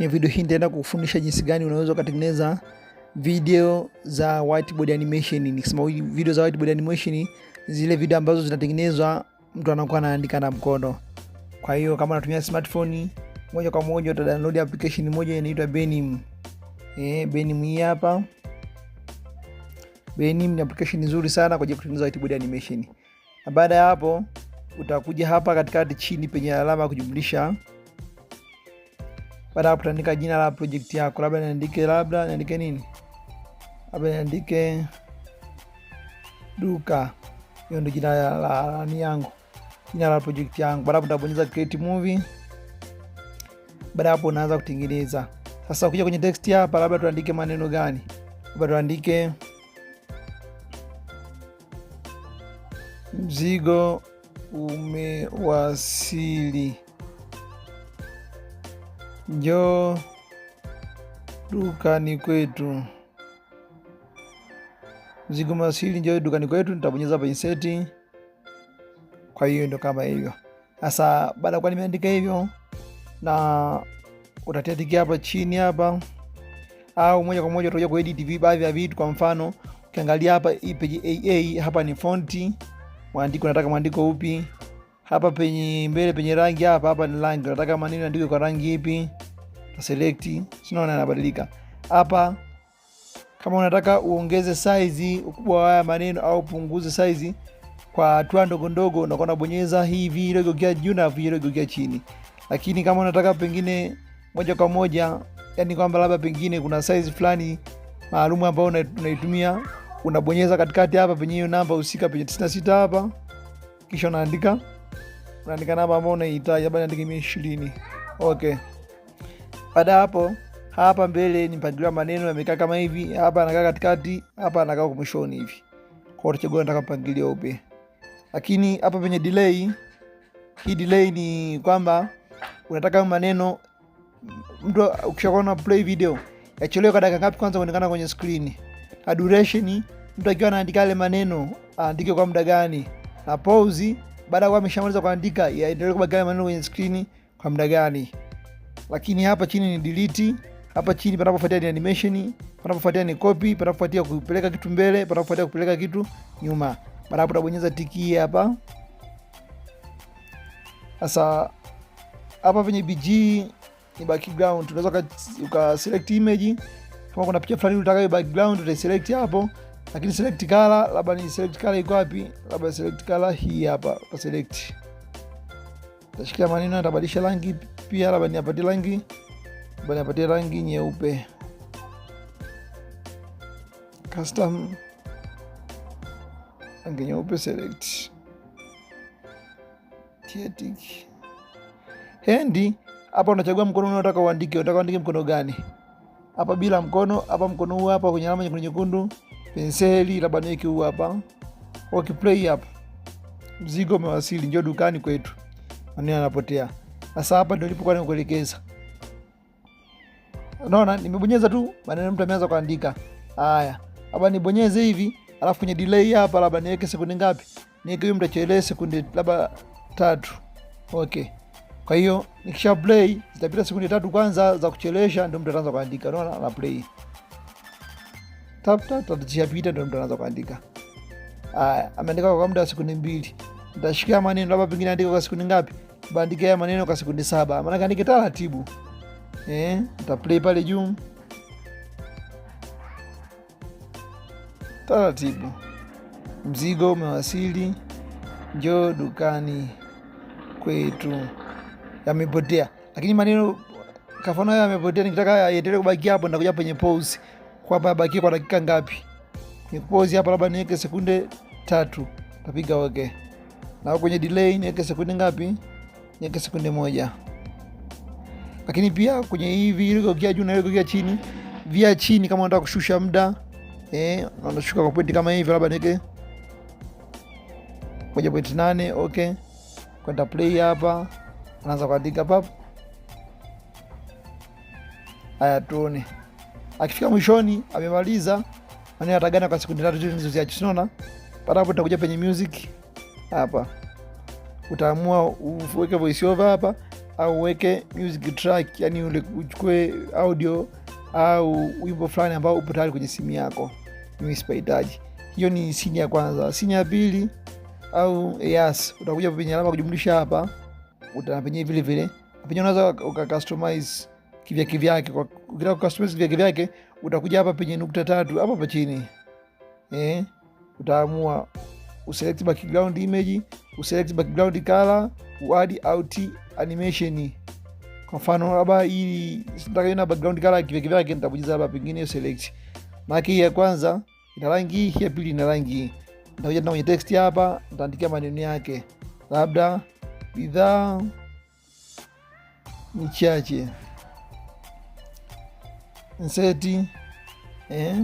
Kwenye video hii nitaenda kukufundisha jinsi gani unaweza kutengeneza video za whiteboard animation. Nikisema video za whiteboard animation, zile video ambazo zinatengenezwa mtu anakuwa anaandika na mkono. Kwa hiyo kama unatumia smartphone, moja kwa moja uta download application moja inaitwa Benim. Eh, Benim hii hapa. Benim ni application nzuri sana kwa ajili ya kutengeneza whiteboard animation. Na baada ya hapo utakuja hapa katikati chini penye alama ya kujumlisha baada ya kutandika jina la project yako, labda niandike labda niandike nini, labda niandike duka. Hiyo ndio jina la, la, la ni yangu jina la project yangu. Baada hapo utabonyeza create movie. Baada hapo unaanza kutengeneza sasa. Ukija kwenye text hapa, labda tuandike maneno gani? Labda tuandike mzigo umewasili. Njoo dukani kwetu. Mzigo mawasili, njoo dukani kwetu. Nitabonyeza hapa insert. Kwa hiyo ndo kama hivyo sasa. Baada ya kuwa nimeandika hivyo, na utatikia hapa chini hapa, au moja kwa moja utakuja ku edit baadhi ya vitu. Kwa mfano ukiangalia hapa hii page AA, hapa ni fonti, mwandiko nataka mwandiko upi hapa penye mbele penye rangi hapa hapa ni rangi, nataka maneno yaandikwe kwa rangi ipi? utaselekti, sinaona anabadilika hapa. Kama unataka uongeze size ukubwa wa haya maneno au upunguze size kwa hatua ndogo ndogo, unakuwa unabonyeza hii video igeukia juu na video igeukia chini. Lakini kama unataka pengine moja kwa moja, yani kwamba labda pengine kuna size fulani maalumu ambayo unaitumia unabonyeza katikati hapa penye hiyo namba husika penye 96 hapa, kisha unaandika unaandika namba ambayo unahitaji labda niandike 120. Okay. Baada hapo, hapa mbele ni mpangilio wa maneno yamekaa kama hivi, hapa anakaa katikati, hapa anakaa huko mwishoni hivi. Kwa hiyo tutachagua nataka mpangilio upi. Lakini hapa penye delay, hii delay ni kwamba unataka maneno mtu ukishakuwa play video yachelewe kwa dakika ngapi kwanza kuonekana kwenye screen. Na duration mtu akiwa anaandika yale maneno aandike kwa muda gani? Na pause baada ya kuwa ameshamaliza kuandika yaendelee kubaki yale maneno kwenye screen kwa muda gani? lakini hapa chini ni delete, hapa chini panapofuatia ni animation, panapofuatia ni copy, panapofuatia kupeleka kitu mbele, panapofuatia kupeleka kitu nyuma. Baada hapo utabonyeza tiki hapa. Sasa hapa kwenye BG ni background, unaweza uka select image kama kuna picha fulani unataka utakayo background utaiselect hapo, lakini select color, labda ni select color iko wapi? Labda select color hii hapa, uta select, utashikia maneno, atabadilisha rangi pia labda niapatie rangi niapatie rangi nyeupe custom rangi nyeupe select tietik Hendi hapa unachagua mkono unaotaka uandike, unataka uandike mkono gani? Hapa bila mkono, hapa mkono huu hapa kwenye alama nyekundu nyekundu, penseli labda niweke huu hapa. Ukiplay hapa, mzigo umewasili, njoo dukani kwetu, maneno yanapotea. Sasa hapa ndio nilipokuwa nikuelekeza. Unaona, nimebonyeza tu maneno mtu ameanza kuandika. Haya, hapa nibonyeze hivi, alafu kwenye delay hapa labda niweke sekunde ngapi? Niweke hiyo mtachelee sekunde labda tatu. Okay. Kwa hiyo nikisha play zitapita sekunde tatu kwanza za kuchelesha, ndio mtu anaanza kuandika. Unaona, na play. Tap tap tap, zishapita ndio mtu anaanza kuandika. Haya, ameandika kwa muda wa sekunde mbili. Nitashikia maneno labda pengine andika kwa sekunde ngapi? bandika ya maneno kwa sekundi saba, maanake andike taratibu eh. Taplay pale juu taratibu. Mzigo umewasili, njoo dukani kwetu. Yamepotea, lakini maneno kafano hayo yamepotea. Nikitaka yaendelee kubaki hapo, ndakuja penye pause kwamba abakie kwa dakika ngapi. Nikupause hapa, labda niweke sekunde tatu, tapiga okay. Na kwenye delay niweke sekunde ngapi? nyake sekunde moja. Lakini pia kwenye hivi viwili ukia juu na ile ukia chini, via chini kama unataka kushusha muda eh, unashuka kwa pointi kama hivi, labda niweke moja pointi nane. Okay, kwenda play hapa, anaanza kuandika pap. Haya, tuone akifika mwishoni amemaliza maneno atagana kwa sekunde tatu tu nizoziacha, unaona. Baada hapo tutakuja penye music hapa utaamua uweke voice over hapa au uweke music track, yani ule uchukue audio au wimbo fulani ambao upo tayari kwenye simu yako. Mimi sipahitaji hiyo. Ni sini ya kwanza. Sini ya pili au yes, utakuja penye alama kujumlisha hapa, utapenye vile vile penye unaweza ukacustomize kivya kivyake. Ukitaka kucustomize kivya kivyake, utakuja hapa penye nukta tatu hapa hapa chini eh, utaamua uselect background image, uselect background color, uadi out animation. Kwa mfano labda hii sitaka ina background color kivyake vyake, nitabonyeza hapa pengine select. Maki ya kwanza ina rangi hii, ya pili ina rangi hii. Nitakuja na kwenye text hapa, nitaandikia maneno yake, labda bidhaa ni chache nseti eh.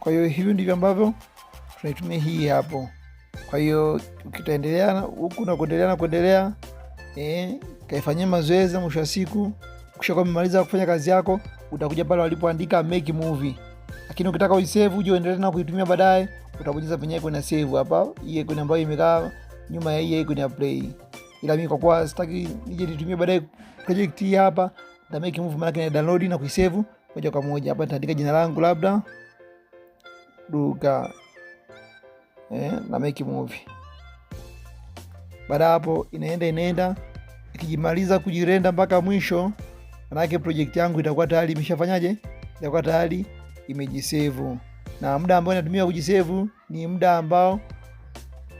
Kwa hiyo hivyo ndivyo ambavyo tunaitumia hii hapo. Kwa hiyo ukitaendelea huku na kuendelea na kuendelea eh, kaifanyia mazoezi, mwisho wa siku kisha kwa umemaliza kufanya kazi yako utakuja pale walipoandika make movie. Lakini ukitaka uisave uje uendelee na kuitumia baadaye, utabonyeza penye icon ya save hapa, hii icon ambayo imekaa nyuma ya hii icon ya play. Ila mimi kwa kuwa sitaki nije nitumie baadaye project hii hapa, na make movie, maana ni download na kuisave moja kwa moja. Hapa nitaandika jina langu labda Duka eh, na make movie. Baada hapo inaenda inaenda, ikijimaliza kujirenda mpaka mwisho, manake project yangu itakuwa tayari imeshafanyaje, itakuwa tayari imejisevu, na muda ambao inatumia kujisevu ni muda ambao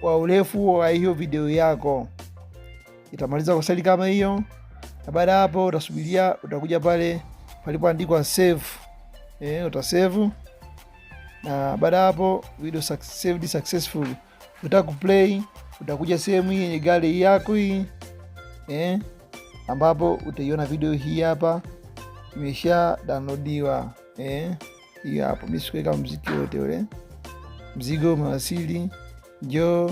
wa urefu wa hiyo video yako. Itamaliza kwa sali kama hiyo, na baada hapo utasubiria, utakuja pale palipoandikwa save, eh, utasave na baada hapo video saved successful. Utaku play utakuja sehemu hii yenye gari yako hii eh, ambapo utaiona video hii hapa imesha downloadiwa eh, hii hapo. Mimi sikuweka mziki wote ule, mzigo umewasili, njoo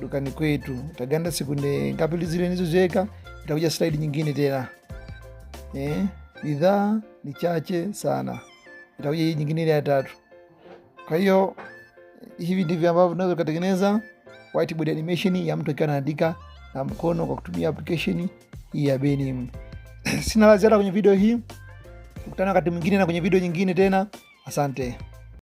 dukani kwetu. Utaganda sekunde ngapi zile nilizoziweka, itakuja slide nyingine tena eh, bidhaa ni chache sana, itakuja hii nyingine ile ya tatu. Kwa hiyo hivi ndivyo ambavyo tunaweza kutengeneza whiteboard animation ya mtu akiwa anaandika na mkono kwa kutumia application hii ya Benim. Sina la ziada kwenye video hii. Tukutane wakati mwingine na kwenye video nyingine tena. Asante.